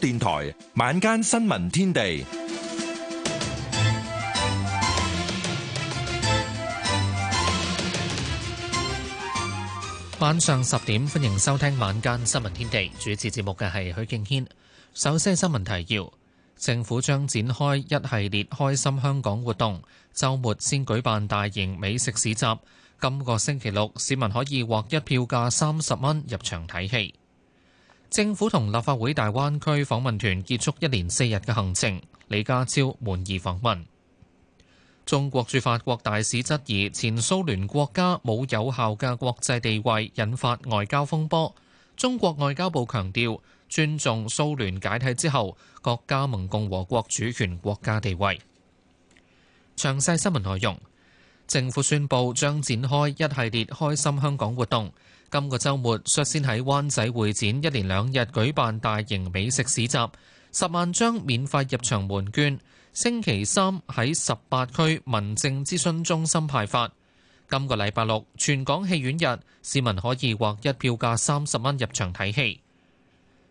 電台晚間新聞天地，晚上十點歡迎收聽晚間新聞天地。主持節目嘅係許敬軒。首先新聞提要：政府將展開一系列開心香港活動，周末先舉辦大型美食市集。今個星期六，市民可以獲一票價三十蚊入場睇戲。政府同立法會大灣區訪問團結束一連四日嘅行程，李家超滿意訪問。中國駐法國大使質疑前蘇聯國家冇有效嘅國際地位，引發外交風波。中國外交部強調尊重蘇聯解體之後各加盟共和國主權國家地位。詳細新聞內容，政府宣布將展開一系列開心香港活動。今個週末率先喺灣仔會展一連兩日舉辦大型美食市集，十萬張免費入場門券，星期三喺十八區民政諮詢中心派發。今個禮拜六全港戲院日，市民可以劃一票價三十蚊入場睇戲。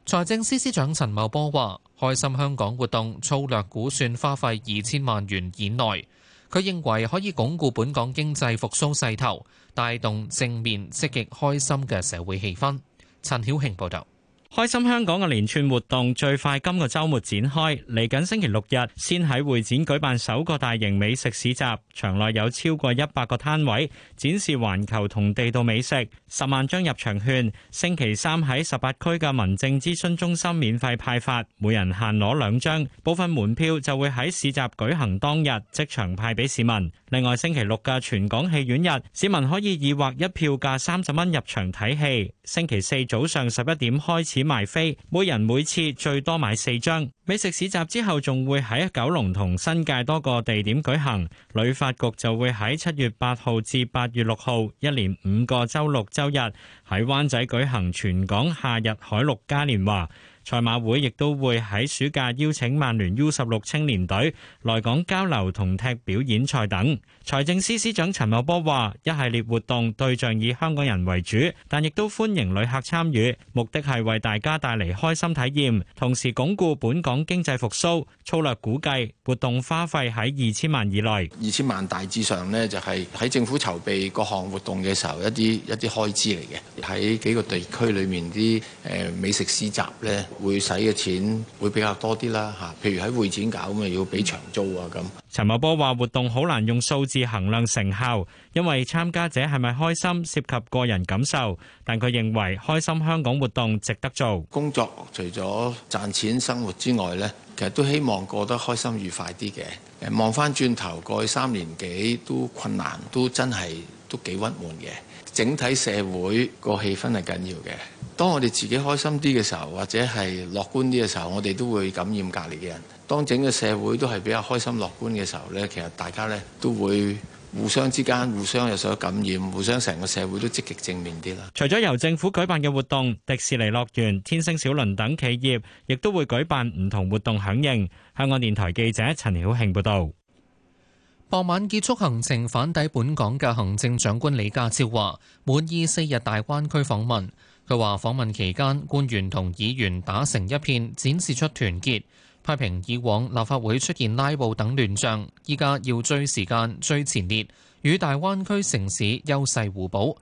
財政司司長陳茂波話，開心香港活動粗略估算花費二千萬元以內。佢認為可以鞏固本港經濟復甦勢頭，帶動正面、積極、開心嘅社會氣氛。陳曉慶報導。開心香港嘅連串活動最快今個周末展開，嚟緊星期六日先喺會展舉辦首個大型美食市集，場內有超過一百個攤位展示環球同地道美食，十萬張入場券星期三喺十八區嘅民政諮詢中心免費派發，每人限攞兩張，部分門票就會喺市集舉行當日即場派俾市民。另外星期六嘅全港戲院日，市民可以以劃一票價三十蚊入場睇戲。星期四早上十一點開始。買飛，每人每次最多買四張。美食市集之後，仲會喺九龍同新界多個地點舉行。旅發局就會喺七月八號至八月六號，一連五個周六周日喺灣仔舉行全港夏日海陸嘉年華。賽馬會亦都會喺暑假邀請曼聯 U 十六青年隊來港交流同踢表演賽等。財政司司長陳茂波話，一系列活動對象以香港人為主，但亦都歡迎旅客參與，目的係為大家帶嚟開心體驗，同時鞏固本港經濟復甦。粗略估計，活動花費喺二千萬以內。二千萬大致上呢，就係喺政府籌備各項活動嘅時候一啲一啲開支嚟嘅，喺幾個地區裏面啲誒美食市集呢。會使嘅錢會比較多啲啦嚇，譬如喺會展搞咪要俾長租啊咁。陳茂波話：活動好難用數字衡量成效，因為參加者係咪開心涉及個人感受，但佢認為開心香港活動值得做。工作除咗賺錢生活之外呢，其實都希望過得開心愉快啲嘅。誒，望翻轉頭過去三年幾都困難，都真係都幾鬱悶嘅。整體社會個氣氛係緊要嘅。當我哋自己開心啲嘅時候，或者係樂觀啲嘅時候，我哋都會感染隔籬嘅人。當整個社會都係比較開心樂觀嘅時候咧，其實大家咧都會互相之間互相有所感染，互相成個社會都積極正面啲啦。除咗由政府舉辦嘅活動，迪士尼樂園、天星小輪等企業亦都會舉辦唔同活動響應。香港電台記者陳曉慶報道。傍晚結束行程返抵本港嘅行政長官李家超話：滿意四日大灣區訪問。佢話：訪問期間，官員同議員打成一片，展示出團結，批評以往立法會出現拉布等亂象。依家要追時間、追前列，與大灣區城市優勢互補。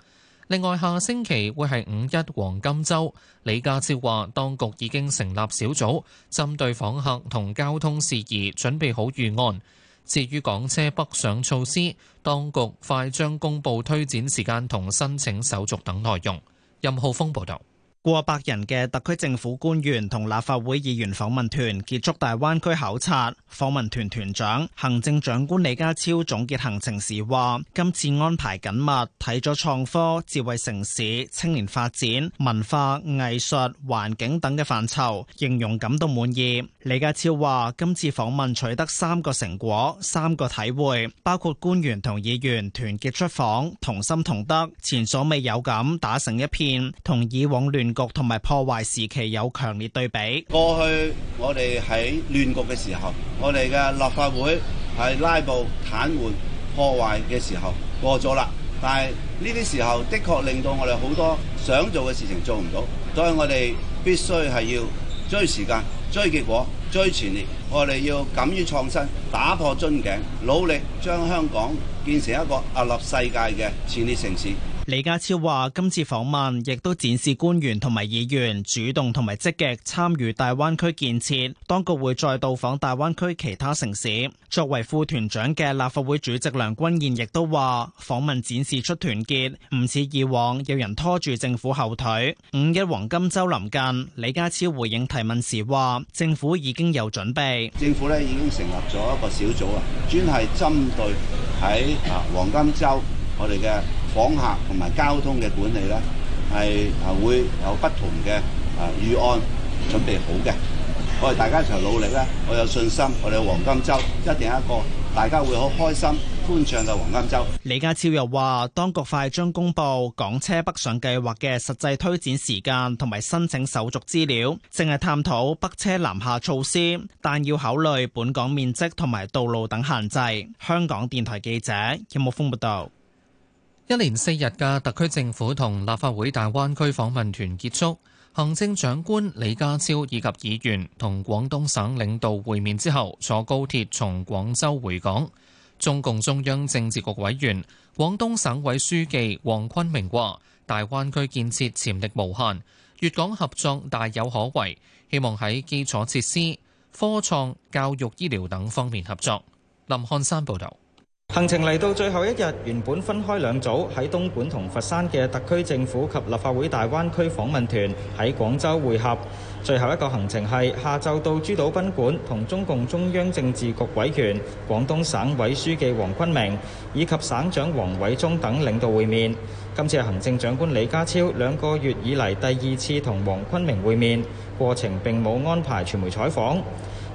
另外，下星期會係五一黃金週，李家超話：當局已經成立小組，針對訪客同交通事宜準備好預案。至於港車北上措施，當局快將公布推展時間同申請手續等內容。任浩峰報導。過百人嘅特區政府官員同立法會議員訪問團結束大灣區考察，訪問團團長行政長官李家超總結行程時話：今次安排緊密，睇咗創科、智慧城市、青年發展、文化藝術、環境等嘅範疇，形容感到滿意。李家超話今次訪問取得三個成果、三個體會，包括官員同議員團結出訪，同心同德，前所未有咁打成一片，同以往亂。局同埋破壞時期有強烈對比。過去我哋喺亂局嘅時候，我哋嘅立法會係拉布、癱瘓、破壞嘅時候過咗啦。但係呢啲時候的確令到我哋好多想做嘅事情做唔到，所以我哋必須係要追時間、追結果、追前列。我哋要敢於創新，打破樽頸，努力將香港建成一個屹立世界嘅前列城市。李家超話今次訪問亦都展示官員同埋議員主動同埋積極參與大灣區建設，當局會再到訪大灣區其他城市。作為副團長嘅立法會主席梁君彥亦都話，訪問展示出團結，唔似以往有人拖住政府後腿。五一黃金周臨近，李家超回應提問時話，政府已經有準備，政府呢已經成立咗一個小組啊，專係針對喺啊黃金周我哋嘅。港客同埋交通嘅管理呢，係會有不同嘅啊預案準備好嘅。我哋大家一齊努力咧，我有信心，我哋黃金周一定一個大家會好開心歡暢嘅黃金周。李家超又話，當局快將公布港車北上計劃嘅實際推展時間同埋申請手續資料，正係探討北車南下措施，但要考慮本港面積同埋道路等限制。香港電台記者葉慕峰報導。有一連四日嘅特區政府同立法會大灣區訪問團結束，行政長官李家超以及議員同廣東省領導會面之後，坐高鐵從廣州回港。中共中央政治局委員、廣東省委書記黃坤明話：大灣區建設潛力無限，粵港合作大有可為，希望喺基礎設施、科創、教育、醫療等方面合作。林漢山報導。行程嚟到最後一日，原本分開兩組喺東莞同佛山嘅特區政府及立法會大灣區訪問團喺廣州會合。最後一個行程係下晝到珠島賓館同中共中央政治局委員、廣東省委書記黃坤明以及省長王偉中等領導會面。今次係行政長官李家超兩個月以嚟第二次同黃坤明會面，過程並冇安排傳媒採訪。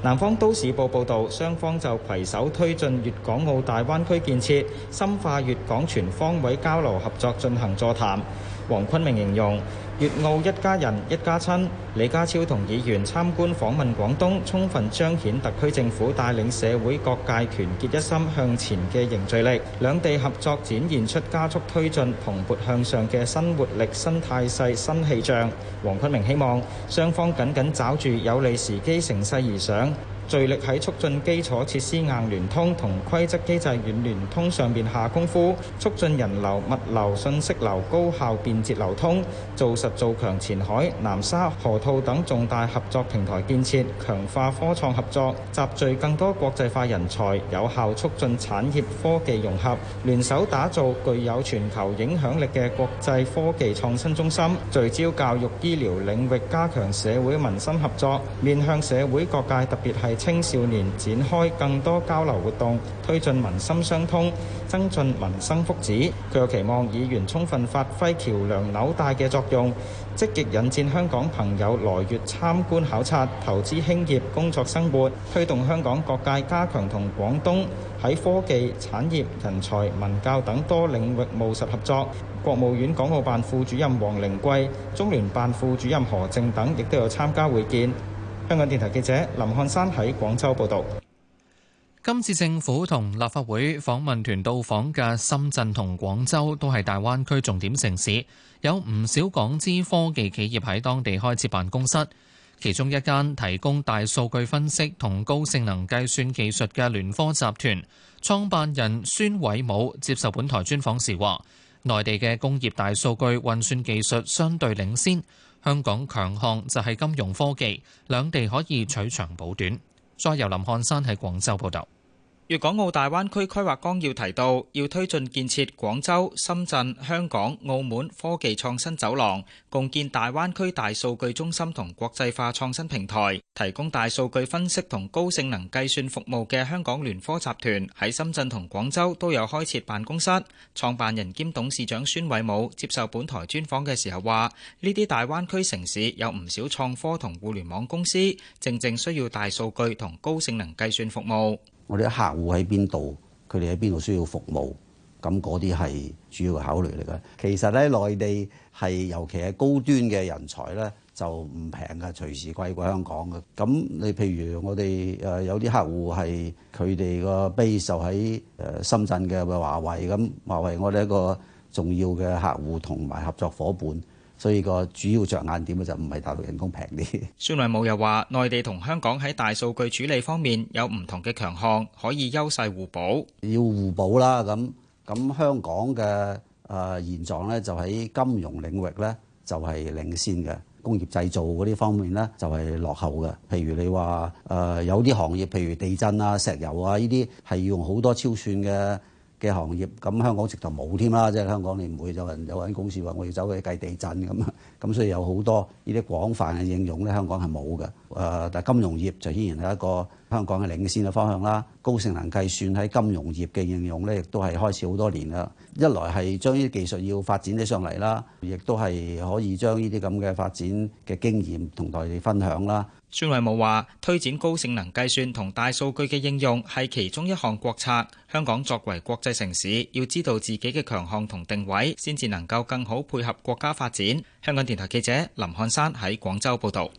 南方都市報報導，雙方就攜手推進粵港澳大灣區建設、深化粵港全方位交流合作進行座談。黃坤明形容。粵澳一家人一家親，李家超同議員參觀訪問廣東，充分彰顯特區政府帶領社會各界團結一心向前嘅凝聚力，兩地合作展現出加速推進蓬勃向上嘅新活力、新態勢、新氣象。黃坤明希望雙方緊緊抓住有利時機，乘勢而上。聚力喺促進基礎設施硬聯通同規則機制軟聯通上面下功夫，促進人流、物流、信息流高效便捷流通，做實做強前海、南沙、河套等重大合作平台建設，強化科創合作，集聚更多國際化人才，有效促進產業科技融合，聯手打造具有全球影響力嘅國際科技創新中心。聚焦教育、醫療領域，加強社會民生合作，面向社會各界，特別係。青少年展開更多交流活動，推進民心相通，增進民生福祉。佢又期望議員充分發揮橋梁紐帶嘅作用，積極引進香港朋友來粵參觀考察、投資興業、工作生活，推動香港各界加強同廣東喺科技、產業、人才、文教等多領域務實合作。國務院港澳辦副主任王靈桂、中聯辦副主任何靖等亦都有參加會見。香港電台記者林漢山喺廣州報道。今次政府同立法會訪問團到訪嘅深圳同廣州都係大灣區重點城市，有唔少港資科技企業喺當地開設辦公室。其中一間提供大數據分析同高性能計算技術嘅聯科集團創辦人孫偉武接受本台專訪時話，內地嘅工業大數據運算技術相對領先。香港強項就係金融科技，兩地可以取長補短。再由林漢山喺廣州報道。粵港澳大灣區規劃綱要提到，要推進建設廣州、深圳、香港、澳門科技創新走廊，共建大灣區大數據中心同國際化創新平台，提供大數據分析同高性能計算服務嘅香港聯科集團喺深圳同廣州都有開設辦公室。創辦人兼董事長孫偉武接受本台專訪嘅時候話，呢啲大灣區城市有唔少創科同互聯網公司，正正需要大數據同高性能計算服務。我哋啲客戶喺邊度，佢哋喺邊度需要服務，咁嗰啲係主要嘅考慮嚟噶。其實咧，內地係尤其係高端嘅人才咧，就唔平噶，隨時貴過香港噶。咁你譬如我哋誒有啲客戶係佢哋個 base 就喺誒深圳嘅華為咁，華為我哋一個重要嘅客戶同埋合作伙伴。所以個主要着眼點咧就唔係大陸人工平啲。孫雲武又話：內地同香港喺大數據處理方面有唔同嘅強項，可以優勢互補。要互補啦，咁咁香港嘅誒現狀咧就喺金融領域咧就係領先嘅，工業製造嗰啲方面咧就係落後嘅。譬如你話誒有啲行業，譬如地震啊、石油啊呢啲，係要用好多超算嘅。.嘅行業，咁香港直頭冇添啦，即係香港你唔會有人有人公司話我要走去計地震咁啊，咁所以有好多呢啲廣泛嘅應用咧，香港係冇嘅。誒、呃，但係金融業就依然係一個香港嘅領先嘅方向啦。高性能計算喺金融業嘅應用咧，亦都係開始好多年啦。一來係將呢啲技術要發展得上嚟啦，亦都係可以將呢啲咁嘅發展嘅經驗同大家分享啦。孫偉武話，推展高性能計算同大數據嘅應用係其中一項國策。香港作為國際城市，要知道自己嘅強項同定位，先至能夠更好配合國家發展。香港電台記者林漢山喺廣州報道。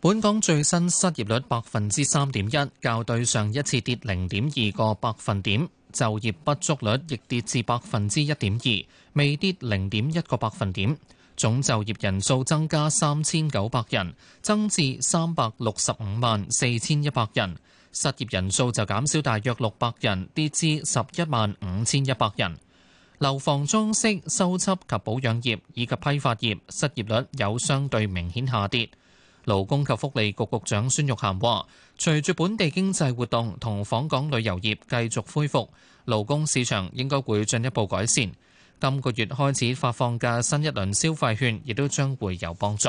本港最新失業率百分之三點一，較對上一次跌零點二個百分點，就業不足率亦跌至百分之一點二，未跌零點一個百分點。總就業人數增加三千九百人，增至三百六十五萬四千一百人；失業人數就減少大約六百人，跌至十一萬五千一百人。樓房裝飾、修葺及保養業以及批發業失業率有相對明顯下跌。勞工及福利局局長孫玉菡話，隨住本地經濟活動同訪港旅遊業繼續恢復，勞工市場應該會進一步改善。今個月開始發放嘅新一輪消費券，亦都將會有幫助。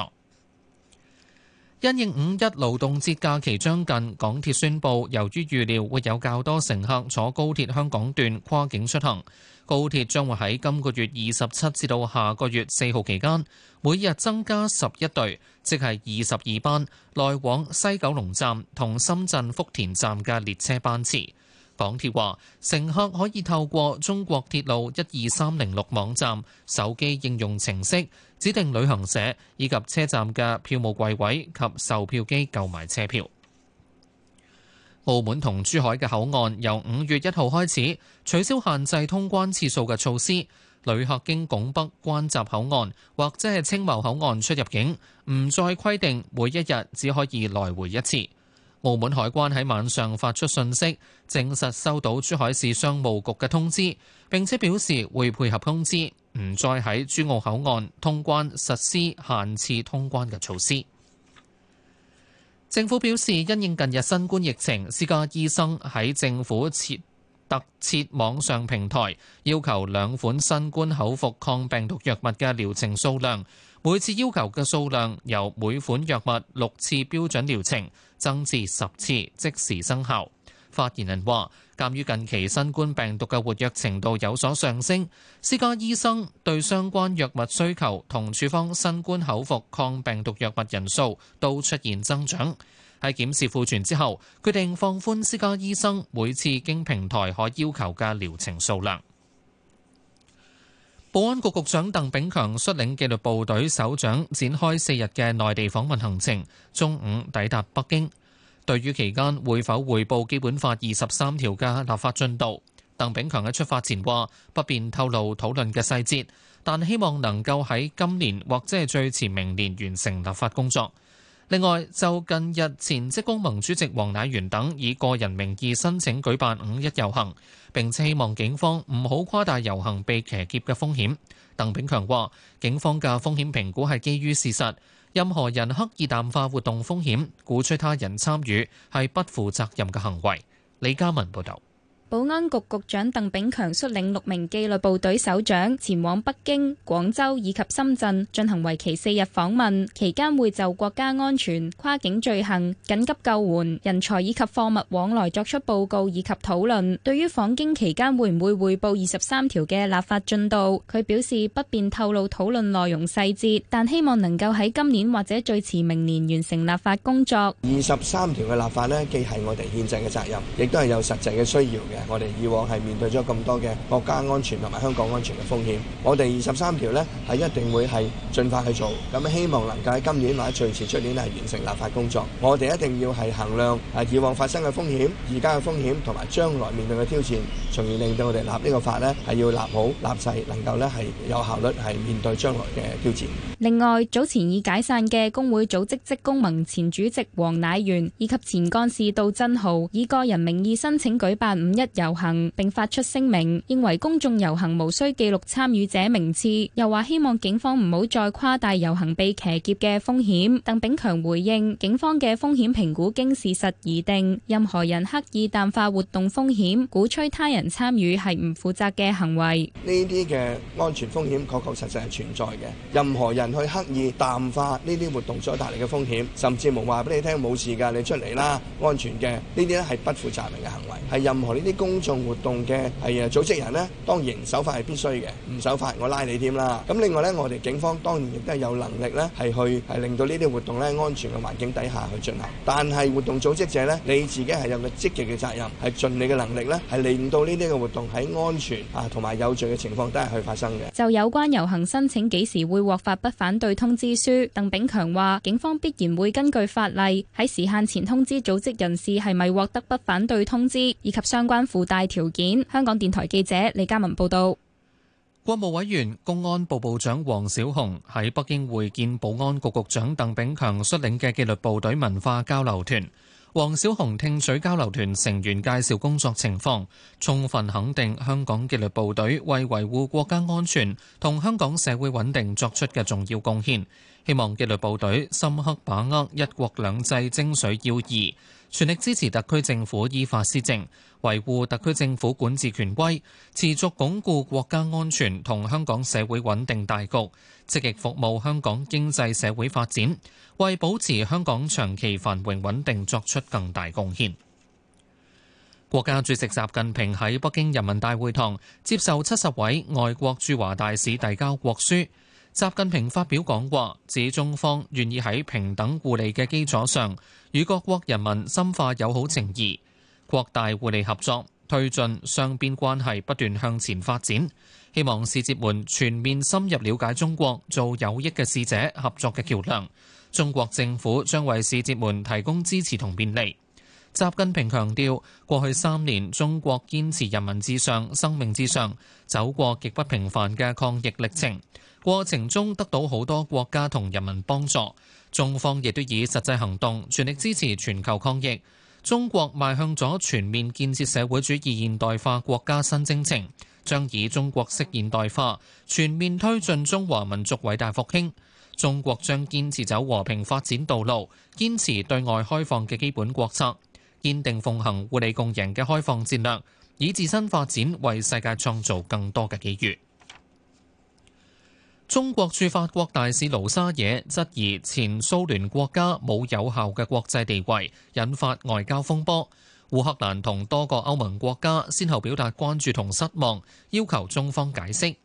因應五一勞動節假期將近，港鐵宣佈，由於預料會有較多乘客坐高鐵香港段跨境出行，高鐵將會喺今個月二十七至到下個月四號期間，每日增加十一對，即係二十二班，來往西九龍站同深圳福田站嘅列車班次。港鐵話，乘客可以透過中國鐵路一二三零六網站、手機應用程式、指定旅行社，以及車站嘅票務櫃位及售票機購買車票。澳門同珠海嘅口岸由五月一號開始取消限制通關次數嘅措施，旅客經拱北關閘口岸或者係青茂口岸出入境，唔再規定每一日只可以來回一次。澳門海關喺晚上發出信息，證實收到珠海市商務局嘅通知，並且表示會配合通知，唔再喺珠澳口岸通關實施限次通關嘅措施。政府表示，因應近日新冠疫情，私家醫生喺政府設特設網上平台，要求兩款新冠口服抗病毒藥物嘅療程數量，每次要求嘅數量由每款藥物六次標準療程。增至十次，即時生效。發言人話，鑒於近期新冠病毒嘅活躍程度有所上升，私家醫生對相關藥物需求同處方新冠口服抗病毒藥物人數都出現增長。喺檢視庫存之後，決定放寬私家醫生每次經平台可要求嘅療程數量。保安局局長鄧炳強率領紀律部隊首長展開四日嘅內地訪問行程，中午抵達北京。對於期間會否匯報《基本法》二十三條嘅立法進度，鄧炳強喺出發前話不便透露討論嘅細節，但希望能夠喺今年或者係最遲明年完成立法工作。另外，就近日前職工盟主席黃乃元等以個人名義申請舉辦五一遊行，並且希望警方唔好誇大遊行被騎劫嘅風險，鄧炳強話警方嘅風險評估係基於事實，任何人刻意淡化活動風險，鼓吹他人參與，係不負責任嘅行為，李嘉文報道。保安局局長鄧炳強率領六名紀律部隊首長前往北京、廣州以及深圳進行為期四日訪問，期間會就國家安全、跨境罪行、緊急救援、人才以及貨物往來作出報告以及討論。對於訪京期間會唔會匯報二十三條嘅立法進度，佢表示不便透露討論內容細節，但希望能夠喺今年或者最遲明年完成立法工作。二十三條嘅立法呢，既係我哋憲制嘅責任，亦都係有實際嘅需要嘅。我們以往是面對了這麼多的國家安全和香港安全的風險，我們二十三條呢是一定會是盡快去做，咁希望能夠喺今年或者最遲出年是完成立法工作，我們一定要是衡量以往發生的風險、而家的風險和將來面對的挑戰，從而令到我們立呢個法呢是要立好立世能夠有效率是面對將來的挑戰。另外，早前已解散的工會組織職工盟前主席黃乃元以及前幹事杜振豪以個人名義申請舉辦五一遊行，並發出聲明，認為公眾遊行無需記錄參與者名次，又話希望警方唔好再誇大遊行被騎劫嘅風險。鄧炳強回應：警方嘅風險評估經事實而定，任何人刻意淡化活動風險、鼓吹他人參與係唔負責嘅行為。呢啲嘅安全風險確確實實係存在嘅，任何人去刻意淡化呢啲活動所帶嚟嘅風險，甚至無話俾你聽冇事噶，你出嚟啦，安全嘅呢啲咧係不負責任嘅行為，係任何呢啲。公眾活動嘅組織人呢,當然守法係必須嘅,唔守法我拉你添啦,咁另外呢,我哋警方當然亦都有能力呢,去令到呢啲活動安全嘅環境底下去進行,但係活動組織者呢,你自己係有個積極嘅責任,係盡你嘅能力呢,令到呢啲活動喺安全同埋有序嘅情況底下去發生嘅。就有關遊行申請幾時會獲發不反對通知書,鄧炳強話,警方必然會根據法例喺時限前通知組織人士係咪獲得不反對通知,以及相關附帶條件，香港電台記者李嘉文報道。國務委員、公安部部長王小洪喺北京會見保安局局長鄧炳強率領嘅紀律部隊文化交流團。王小洪聽取交流團成員介紹工作情況，充分肯定香港紀律部隊為維護國家安全同香港社會穩定作出嘅重要貢獻，希望紀律部隊深刻把握一國兩制精髓要義。全力支持特區政府依法施政，維護特區政府管治權威，持續鞏固國家安全同香港社會穩定大局，積極服務香港經濟社會發展，為保持香港長期繁榮穩定作出更大貢獻。國家主席習近平喺北京人民大會堂接受七十位外國駐華大使遞交國書。習近平發表講話，指中方願意喺平等互利嘅基礎上，與各國人民深化友好情誼、擴大互利合作，推進雙邊關係不斷向前發展。希望使節們全面深入了解中國，做有益嘅使者、合作嘅橋樑。中國政府將為使節們提供支持同便利。習近平強調，過去三年中國堅持人民至上、生命至上，走過極不平凡嘅抗疫歷程。過程中得到好多國家同人民幫助，中方亦都以實際行動全力支持全球抗疫。中國邁向咗全面建設社會主義現代化國家新征程，將以中國式現代化全面推進中華民族偉大復興。中國將堅持走和平發展道路，堅持對外開放嘅基本國策。堅定奉行互利共贏嘅開放戰略，以自身發展為世界創造更多嘅機遇。中國駐法國大使盧沙野質疑前蘇聯國家冇有效嘅國際地位，引發外交風波。烏克蘭同多個歐盟國家先後表達關注同失望，要求中方解釋。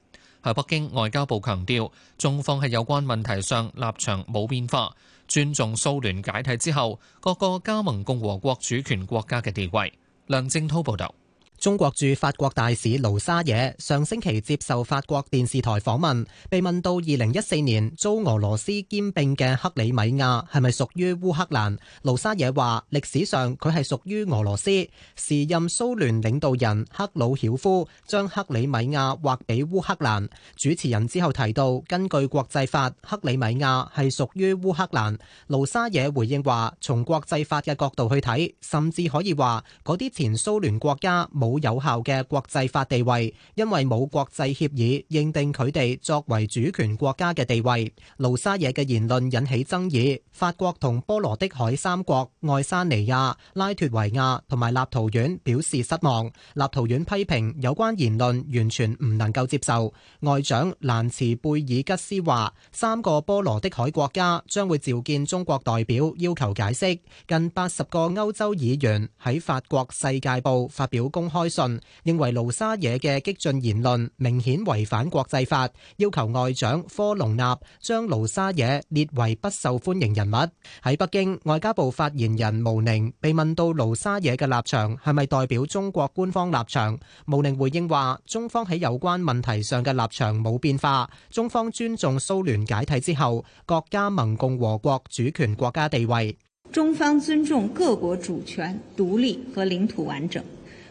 喺北京，外交部強調中方喺有關問題上立場冇變化，尊重蘇聯解體之後，各個加盟共和國主權國家嘅地位。梁正滔報導。中國駐法國大使盧沙野上星期接受法國電視台訪問，被問到二零一四年遭俄羅斯兼併嘅克里米亞係咪屬於烏克蘭？盧沙野話歷史上佢係屬於俄羅斯，時任蘇聯領導人赫魯曉夫將克里米亞劃俾烏克蘭。主持人之後提到，根據國際法，克里米亞係屬於烏克蘭。盧沙野回應話，從國際法嘅角度去睇，甚至可以話嗰啲前蘇聯國家冇。冇有效嘅國際法地位，因為冇國際協議認定佢哋作為主權國家嘅地位。盧沙野嘅言論引起爭議，法國同波羅的海三國愛沙尼亞、拉脱維亞同埋立陶宛表示失望。立陶宛批評有關言論完全唔能夠接受。外長蘭茨貝爾吉斯話：三個波羅的海國家將會召見中國代表，要求解釋。近八十個歐洲議員喺法國《世界報》發表公開信認為盧沙野嘅激進言論明顯違反國際法，要求外長科隆納將盧沙野列為不受歡迎人物。喺北京，外交部發言人毛寧被問到盧沙野嘅立場係咪代表中國官方立場，毛寧回應話：中方喺有關問題上嘅立場冇變化，中方尊重蘇聯解體之後各加盟共和國主權國家地位。中方尊重各國主權、獨立和領土完整。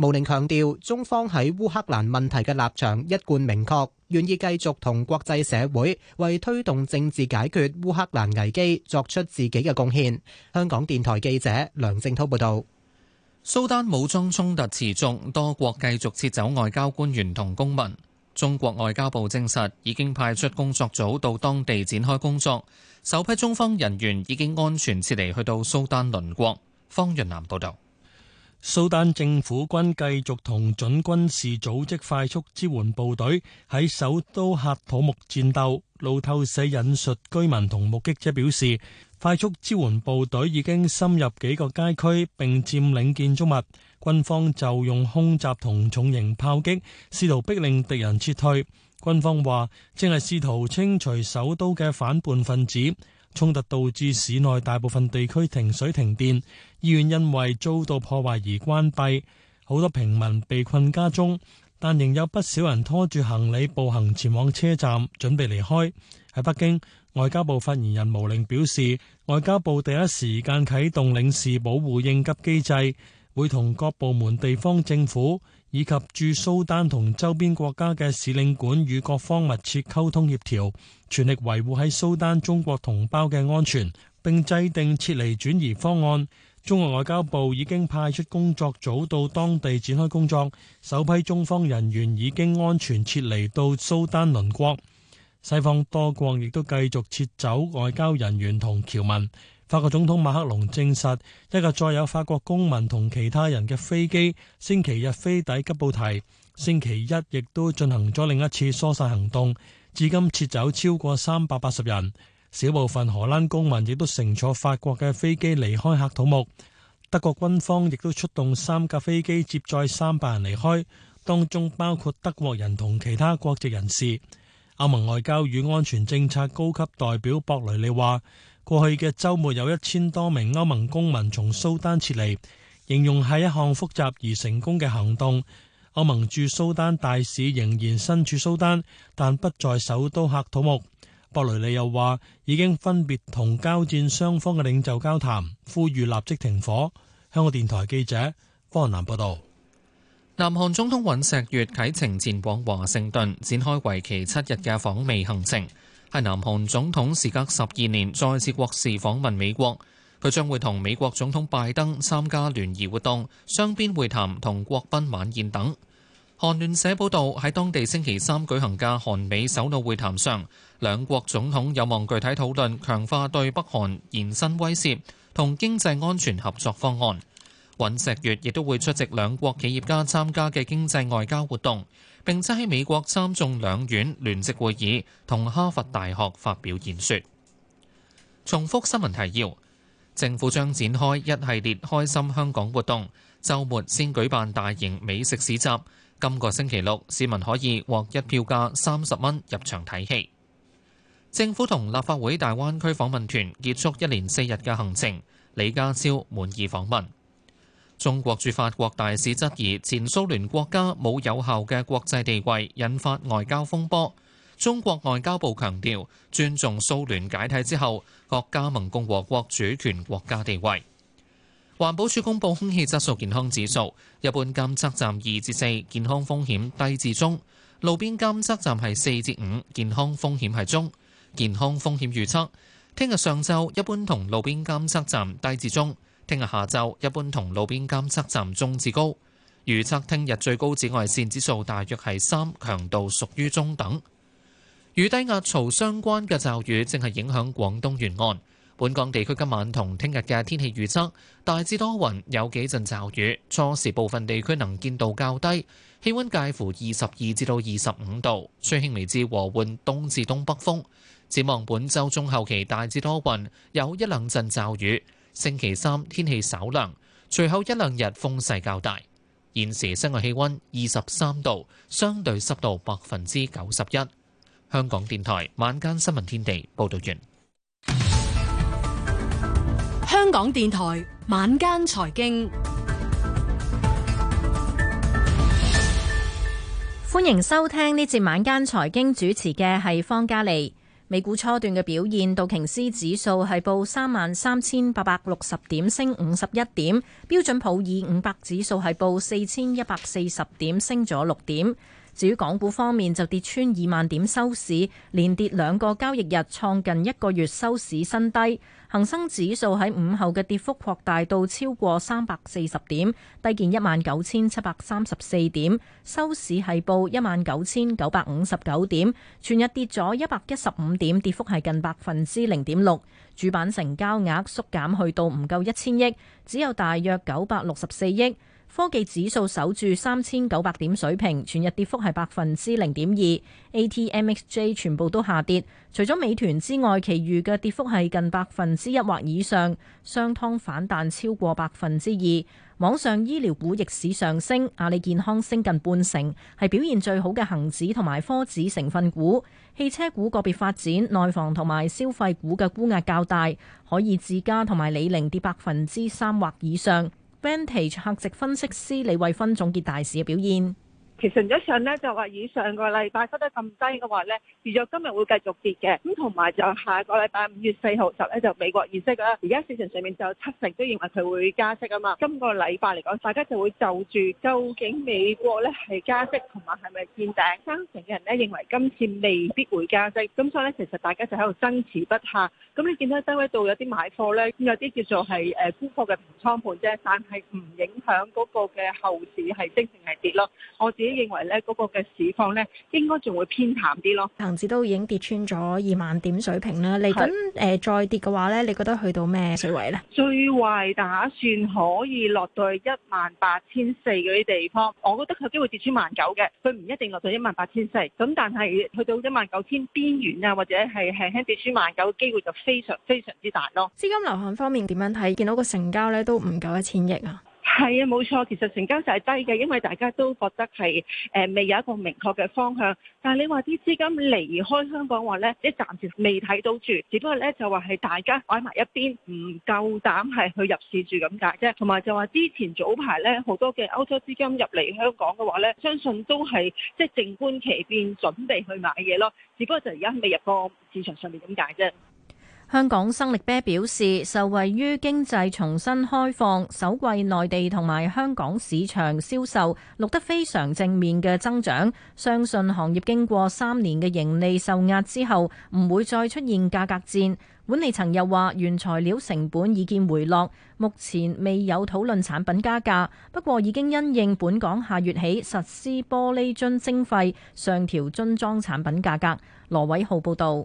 毛寧強調，中方喺烏克蘭問題嘅立場一貫明確，願意繼續同國際社會為推動政治解決烏克蘭危機作出自己嘅貢獻。香港電台記者梁正滔報導。蘇丹武裝衝突持續，多國繼續撤走外交官員同公民。中國外交部證實，已經派出工作組到當地展開工作，首批中方人員已經安全撤離去到蘇丹鄰國。方潤南報導。蘇丹政府軍繼續同準軍事組織快速支援部隊喺首都喀土木戰鬥。路透社引述居民同目擊者表示，快速支援部隊已經深入幾個街區並佔領建築物，軍方就用空襲同重型炮擊試圖逼令敵人撤退。軍方話，正係試圖清除首都嘅反叛分子。衝突導致市內大部分地區停水停電，醫院因為遭到破壞而關閉，好多平民被困家中，但仍有不少人拖住行李步行前往車站準備離開。喺北京，外交部發言人毛寧表示，外交部第一時間啟動領事保護應急機制會同各部門、地方政府以及駐蘇丹同周邊國家嘅使領館與各方密切溝通協調，全力維護喺蘇丹中國同胞嘅安全，並制定撤離轉移方案。中國外交部已經派出工作組到當地展開工作，首批中方人員已經安全撤離到蘇丹鄰國。西方多國亦都繼續撤走外交人員同僑民。法國總統馬克龍證實，一架載有法國公民同其他人嘅飛機星期日飛抵吉布提，星期一亦都進行咗另一次疏散行動，至今撤走超過三百八十人。小部分荷蘭公民亦都乘坐法國嘅飛機離開喀土穆。德國軍方亦都出動三架飛機接載三百人離開，當中包括德國人同其他國籍人士。歐盟外交與安全政策高級代表博雷利話。過去嘅週末有一千多名歐盟公民從蘇丹撤離，形容係一項複雜而成功嘅行動。歐盟駐蘇丹大使仍然身處蘇丹，但不在首都喀土穆。博雷利又話已經分別同交戰雙方嘅領袖交談，呼籲立即停火。香港電台記者方南報道。南韓總統尹錫悅啟程前往華盛頓，展開為期七日嘅訪美行程。係南韓總統，時隔十二年再次國事訪問美國，佢將會同美國總統拜登參加聯誼活動、雙邊會談同國賓晚宴等。韓聯社報導，喺當地星期三舉行嘅韓美首腦會談上，兩國總統有望具體討論強化對北韓延伸威懾同經濟安全合作方案。尹錫悅亦都會出席兩國企業家參加嘅經濟外交活動。並將喺美國參眾兩院聯席會議同哈佛大學發表演說。重複新聞提要：政府將展開一系列開心香港活動，週末先舉辦大型美食市集，今個星期六市民可以獲一票價三十蚊入場睇戲。政府同立法會大灣區訪問團結束一連四日嘅行程，李家超滿意訪問。中國駐法國大使質疑前蘇聯國家冇有效嘅國際地位，引發外交風波。中國外交部強調尊重蘇聯解體之後各加盟共和國主權國家地位。環保署公布空氣質素健康指數，一般監測站二至四，健康風險低至中；路邊監測站係四至五，健康風險係中。健康風險預測：聽日上晝一般同路邊監測站低至中。聽日下晝一般同路邊監測站中至高。預測聽日最高紫外線指數大約係三，強度屬於中等。與低壓槽相關嘅驟雨正係影響廣東沿岸，本港地區今晚同聽日嘅天氣預測大致多雲，有幾陣驟雨，初時部分地區能見度較低，氣溫介乎二十二至到二十五度，吹輕微至和緩東至東北風。展望本週中後期大致多雲，有一兩陣驟雨。星期三天氣稍涼，隨後一兩日風勢較大。現時室外氣溫二十三度，相對濕度百分之九十一。香港電台晚間新聞天地報道完。香港電台晚間財經，歡迎收聽呢節晚間財經主持嘅係方嘉莉。美股初段嘅表現，道瓊斯指數係報三萬三千八百六十點，升五十一點，標準普爾五百指數係報四千一百四十點，升咗六點。至於港股方面，就跌穿二萬點收市，連跌兩個交易日，創近一個月收市新低。恒生指數喺午後嘅跌幅擴大到超過三百四十點，低見一萬九千七百三十四點，收市係報一萬九千九百五十九點，全日跌咗一百一十五點，跌幅係近百分之零點六。主板成交額縮減去到唔夠一千億，只有大約九百六十四億。科技指數守住三千九百點水平，全日跌幅係百分之零點二。ATMXJ 全部都下跌，除咗美團之外，其餘嘅跌幅係近百分之一或以上。商湯反彈超過百分之二。網上醫療股逆市上升，阿里健康升近半成，係表現最好嘅恒指同埋科指成分股。汽車股個別發展，內房同埋消費股嘅沽壓較大，可以自家同埋李寧跌百分之三或以上。Vantage 客席分析師李慧芬總結大市嘅表現。其實在上咧就話以上個禮拜收得咁低嘅話咧，預咗今日會繼續跌嘅，咁同埋就下個禮拜五月四號就咧就美國議息啦。而家市場上面就有七成都認為佢會加息啊嘛。今個禮拜嚟講，大家就會就住究竟美國咧係加息同埋係咪見頂，三成嘅人咧認為今次未必會加息。咁所以咧，其實大家就喺度爭持不下。咁你見到低位度有啲買貨咧，有啲叫做係誒沽貨嘅平倉盤啫，但係唔影響嗰個嘅後市係升定係跌咯。我自己。你認為咧嗰個嘅市況咧應該仲會偏淡啲咯？恒指都已經跌穿咗二萬點水平啦，嚟緊誒再跌嘅話咧，你覺得去到咩水位咧？最壞打算可以落到去一萬八千四嗰啲地方，我覺得佢有機會跌穿萬九嘅，佢唔一定落到一萬八千四，咁但係去到一萬九千邊緣啊，或者係輕輕跌穿萬九嘅機會就非常非常之大咯。資金流向方面點樣睇？見到個成交咧都唔夠一千億啊。係啊，冇錯，其實成交就係低嘅，因為大家都覺得係誒、呃、未有一個明確嘅方向。但係你話啲資金離開香港話呢，即係暫時未睇到住，只不過呢，就話係大家擺埋一邊，唔夠膽係去入市住咁解啫。同埋就話之前早排呢，好多嘅歐洲資金入嚟香港嘅話呢，相信都係即係靜觀其變，準備去買嘢咯。只不過就而家未入個市場上面咁解啫。香港生力啤表示，受惠於經濟重新開放，首季內地同埋香港市場銷售錄得非常正面嘅增長，相信行業經過三年嘅盈利受壓之後唔會再出現價格戰，管理層又話原材料成本已見回落，目前未有討論產品加價，不過已經因應本港下月起實施玻璃樽徵費上調樽裝產品價格。羅偉浩報道。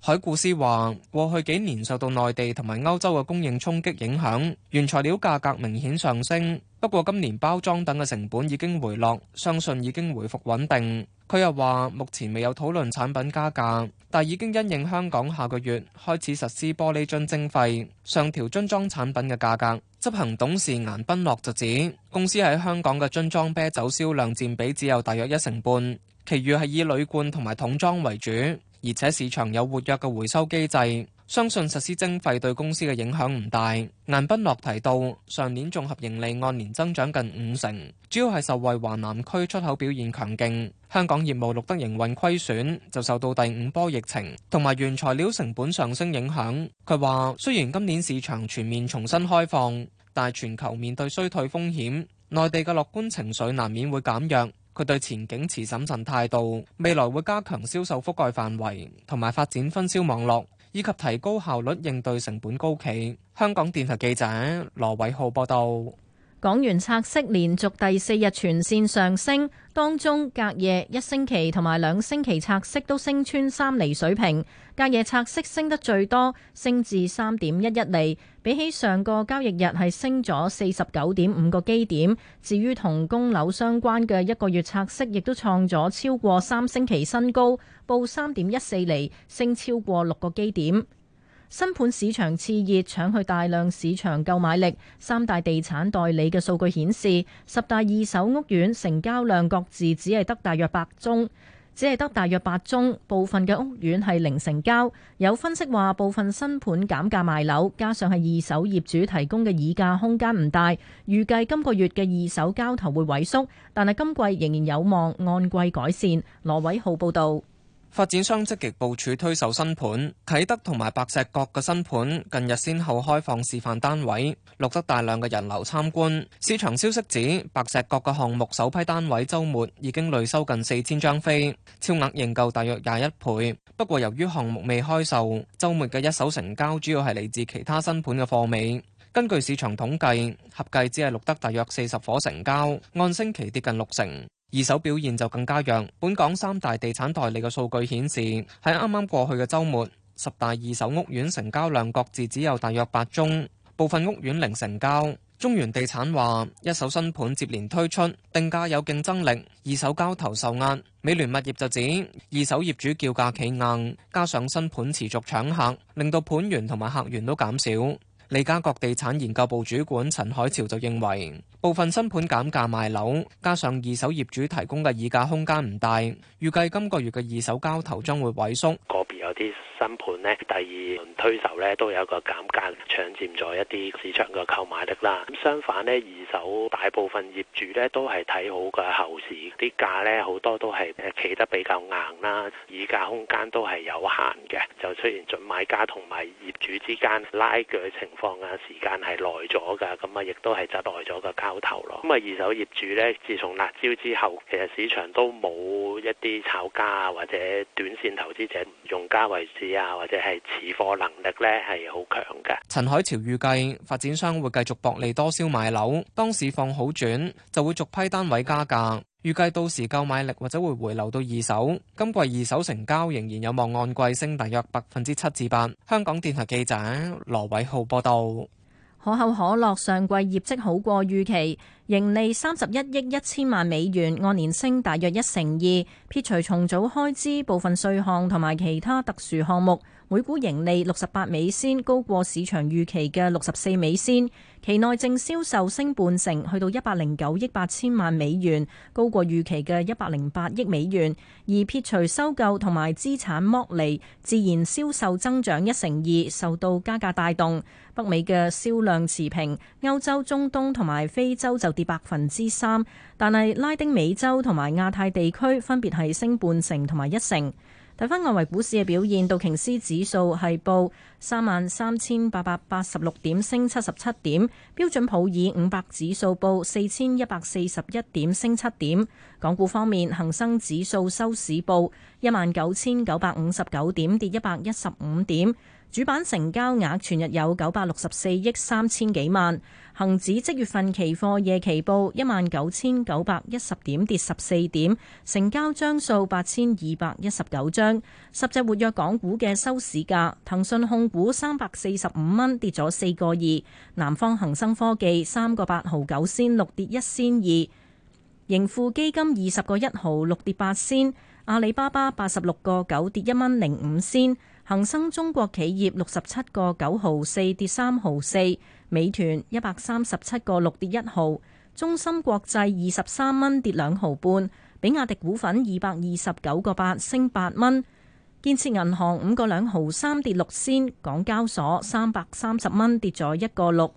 海顧思話：過去幾年受到內地同埋歐洲嘅供應衝擊影響，原材料價格明顯上升。不過今年包裝等嘅成本已經回落，相信已經回復穩定。佢又話：目前未有討論產品加價，但已經因應香港下個月開始實施玻璃樽徵費，上調樽裝產品嘅價格。執行董事顏斌樂就指，公司喺香港嘅樽裝啤酒銷量佔比只有大約一成半。其餘係以鋁罐同埋桶裝為主，而且市場有活躍嘅回收機制，相信實施徵費對公司嘅影響唔大。顏斌樂提到，上年綜合盈利按年增長近五成，主要係受惠華南區出口表現強勁。香港業務錄得營運虧損，就受到第五波疫情同埋原材料成本上升影響。佢話，雖然今年市場全面重新開放，但全球面對衰退風險，內地嘅樂觀情緒難免會減弱。佢對前景持審慎態度，未來會加強銷售覆蓋範圍，同埋發展分銷網絡，以及提高效率應對成本高企。香港電台記者羅偉浩報道。港元拆息連續第四日全線上升，當中隔夜一星期同埋兩星期拆息都升穿三厘水平。隔夜拆息升得最多，升至三點一一釐，比起上個交易日係升咗四十九點五個基點。至於同供樓相關嘅一個月拆息，亦都創咗超過三星期新高，報三點一四厘，升超過六個基點。新盤市場炙熱，搶去大量市場購買力。三大地產代理嘅數據顯示，十大二手屋苑成交量各自只係得大約八宗，只係得大約八宗。部分嘅屋苑係零成交。有分析話，部分新盤減價賣樓，加上係二手業主提供嘅議價空間唔大，預計今個月嘅二手交投會萎縮，但係今季仍然有望按季改善。羅偉浩報導。發展商積極部署推售新盤，啟德同埋白石角嘅新盤近日先後開放示範單位，錄得大量嘅人流參觀。市場消息指，白石角嘅項目首批單位週末已經累收近四千張飛，超額認購大約廿一倍。不過由於項目未開售，週末嘅一手成交主要係嚟自其他新盤嘅貨尾。根據市場統計，合計只係錄得大約四十伙成交，按星期跌近六成。二手表現就更加弱。本港三大地產代理嘅數據顯示，喺啱啱過去嘅週末，十大二手屋苑成交量各自只有大約八宗，部分屋苑零成交。中原地產話一手新盤接連推出，定價有競爭力，二手交投受壓。美聯物業就指二手業主叫價企硬，加上新盤持續搶客，令到盤源同埋客源都減少。利嘉閣地產研究部主管陳海潮就認為，部分新盤減價賣樓，加上二手業主提供嘅議價空間唔大，預計今個月嘅二手交投將會萎縮。新盤咧第二輪推售咧都有個減價，搶佔咗一啲市場嘅購買力啦。相反咧，二手大部分業主咧都係睇好嘅後市，啲價咧好多都係企得比較硬啦，議價空間都係有限嘅，就出現準買家同埋業主之間拉鋸情況啊，時間係耐咗㗎，咁啊亦都係擠耐咗個交投咯。咁啊，二手業主咧，自從辣招之後，其實市場都冇一啲炒家啊，或者短線投資者用家為啊，或者係持貨能力咧係好強嘅。陳海潮預計發展商會繼續薄利多銷賣樓，當市況好轉就會逐批單位加價。預計到時購買力或者會回流到二手。今季二手成交仍然有望按季升大約百分之七至八。香港電台記者羅偉浩報道。可口可樂上季業績好過預期，盈利三十一億一千萬美元，按年升大約一成二，撇除重組開支、部分稅項同埋其他特殊項目。每股盈利六十八美仙，高過市場預期嘅六十四美仙。期內淨銷售升半成，去到一百零九億八千萬美元，高過預期嘅一百零八億美元。而撇除收購同埋資產剝離，自然銷售增長一成二，受到加價帶動。北美嘅銷量持平，歐洲、中東同埋非洲就跌百分之三，但係拉丁美洲同埋亞太地區分別係升半成同埋一成。睇翻外圍股市嘅表現，道瓊斯指數係報三萬三千八百八十六點，升七十七點；標準普爾五百指數報四千一百四十一點，升七點。港股方面，恒生指數收市報一萬九千九百五十九點，跌一百一十五點。主板成交額全日有九百六十四億三千幾萬，恒指即月份期貨夜期報一萬九千九百一十點，跌十四點，成交張數八千二百一十九張。十隻活躍港股嘅收市價，騰訊控股三百四十五蚊，跌咗四個二；南方恒生科技三個八毫九仙六，跌一仙二；盈富基金二十個一毫六跌八仙；阿里巴巴八十六個九跌一蚊零五仙。恒生中國企業六十七個九毫四跌三毫四，美團一百三十七個六跌一毫，中芯國際二十三蚊跌兩毫半，比亞迪股份二百二十九個八升八蚊，建設銀行五個兩毫三跌六仙，港交所三百三十蚊跌咗一個六。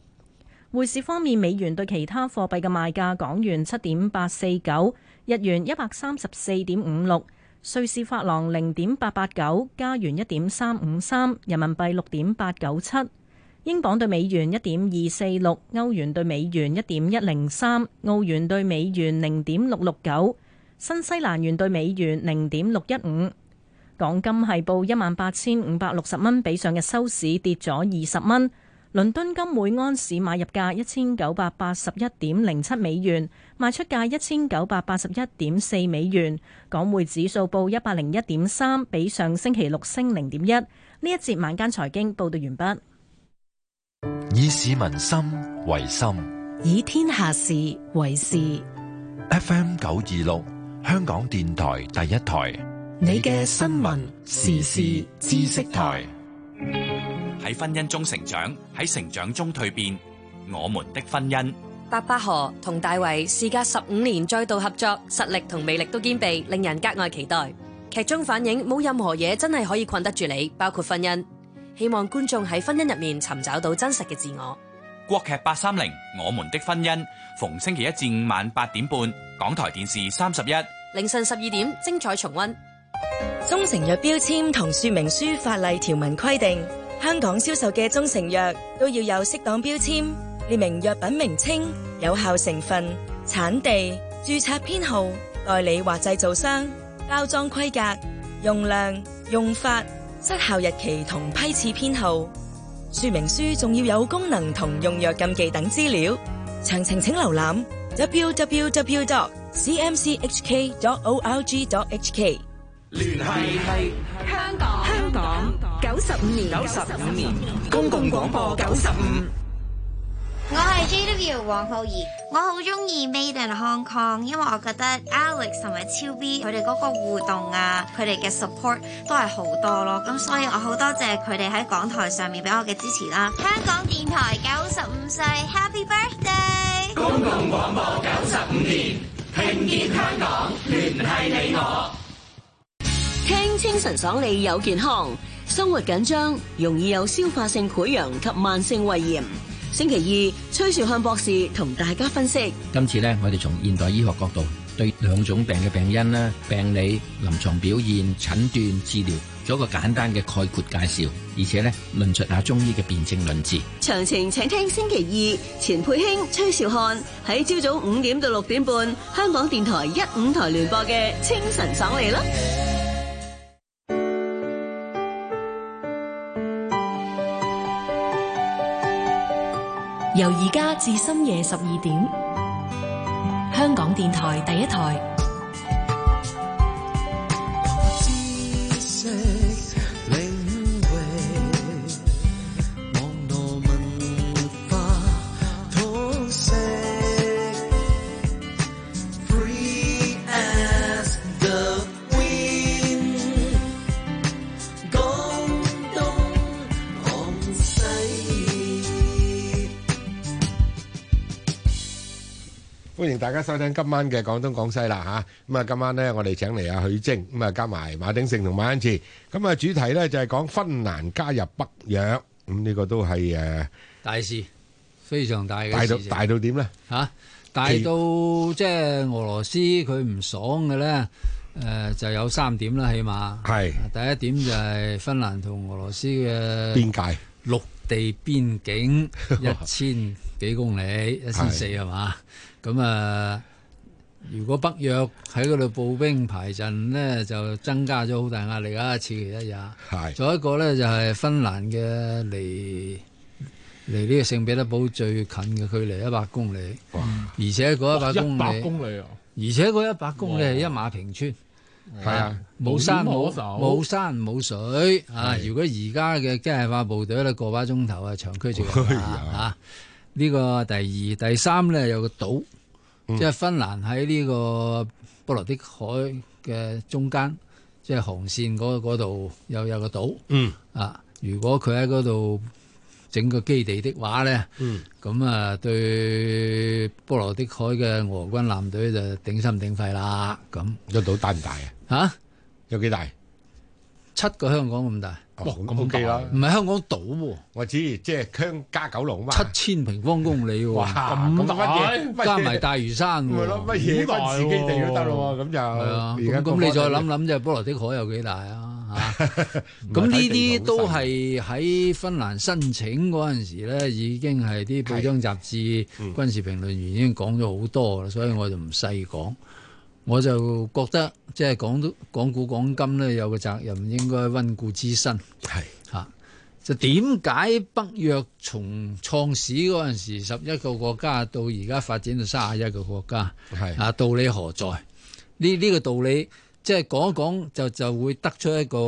匯市方面，美元對其他貨幣嘅賣價，港元七點八四九，日元一百三十四點五六。瑞士法郎零點八八九，加元一點三五三，人民幣六點八九七，英鎊兌美元一點二四六，歐元兌美元一點一零三，澳元兌美元零點六六九，新西蘭元兌美元零點六一五。港金係報一萬八千五百六十蚊，比上日收市跌咗二十蚊。倫敦金每安士買入價一千九百八十一點零七美元。賣出價一千九百八十一點四美元，港匯指數報一百零一點三，比上星期六升零點一。呢一節晚間財經報道完畢。以市民心為心，以天下事為事。FM 九二六，香港電台第一台。你嘅新聞時事知識台。喺婚姻中成長，喺成長中蛻變，我們的婚姻。白百何同大為事隔十五年再度合作，實力同魅力都兼備，令人格外期待。劇中反映冇任何嘢真係可以困得住你，包括婚姻。希望觀眾喺婚姻入面尋找到真實嘅自我。國劇八三零我們的婚姻，逢星期一至五晚八點半，港台電視三十一，凌晨十二點精彩重溫。中成藥標籤同說明書法例條文規定，香港銷售嘅中成藥都要有適當標籤。列明藥品名稱、有效成分、產地、註冊編號、代理或製造商、包裝規格、用量、用法、失效日期同批次編號、說明書，仲要有功能同用藥禁忌等資料。詳情請瀏覽 www.cmchk.org.hk. 香港，香港，九十五年，九十五年，公共廣播九十五。我係 J W 黃浩儀，我好中意 Made in Hong Kong，因為我覺得 Alex 同埋超 B 佢哋嗰個互動啊，佢哋嘅 support 都係好多咯。咁所以我好多謝佢哋喺港台上面俾我嘅支持啦。香港電台九十五歲，Happy Birthday！公共廣播九十五年，聽見香港，聯繫你我。聽清神爽利有健康，生活緊張容易有消化性潰瘍及慢性胃炎。星期二，崔兆漢博士同大家分析。今次呢，我哋從現代醫學角度對兩種病嘅病因咧、病理、臨牀表現、診斷、治療做一個簡單嘅概括介紹，而且呢，論述下中醫嘅辨證論治。詳情請聽星期二，錢佩興、崔兆漢喺朝早五點到六點半，香港電台一五台聯播嘅清晨爽嚟》啦。由而家至深夜十二點，香港電台第一台。大家收聽今晚嘅廣東廣西啦吓咁啊！今晚咧，我哋請嚟阿許晶咁啊，加埋馬鼎盛同馬恩志咁啊。主題咧就係講芬蘭加入北約，咁呢個都係誒大事，非常大嘅大到大到點咧吓？大到即係俄羅斯佢唔爽嘅咧，誒，就有三點啦，起碼係第一點就係芬蘭同俄羅斯嘅邊界陸地邊境一千幾公里，一千四係嘛？咁啊、嗯！如果北約喺嗰度步兵排陣呢，就增加咗好大壓力啊！此其一也。係是。仲有一個呢，就係、是、芬蘭嘅離離呢個聖彼得堡最近嘅距離一百公里。哇而且嗰一百公里，哇公里啊！而且嗰一百公里係一馬平川，係哇啊，冇、嗯、山冇冇山冇水的啊！如果而家嘅機械化部隊呢，個把鐘頭啊，長驅直入啊。 呢個第二、第三咧，有個島，嗯，即係芬蘭喺呢個波羅的海嘅中間，即係紅線嗰度有有個島。嗯，啊，如果佢喺嗰度整個基地的話咧，嗯，咁啊，對波羅的海嘅俄軍艦隊就頂心頂肺啦。咁個島大唔大啊？嚇，有幾大？七個香港咁大。咁好大啦！唔係香港島喎，啊，我知，即係香加九龍嘛。七千平方公里喎，啊，咁哇大，麼加埋大嶼山，喎，自己定都得啦咁就。係啊，咁你再諗諗啫，波羅的海有幾大啊？嚇 是，咁呢啲都係喺芬蘭申請嗰陣時咧，已經係啲報章雜誌、軍事評論員已經講咗好多啦，所以我就唔細講。我就覺得即係講到講古講今咧，有個責任應該溫故知新。係嚇是、啊，就點解北約從創始嗰陣時十一個國家到而家發展到三十一個國家？係啊是，道理何在？呢呢、呢個道理即係講一講就就會得出一個。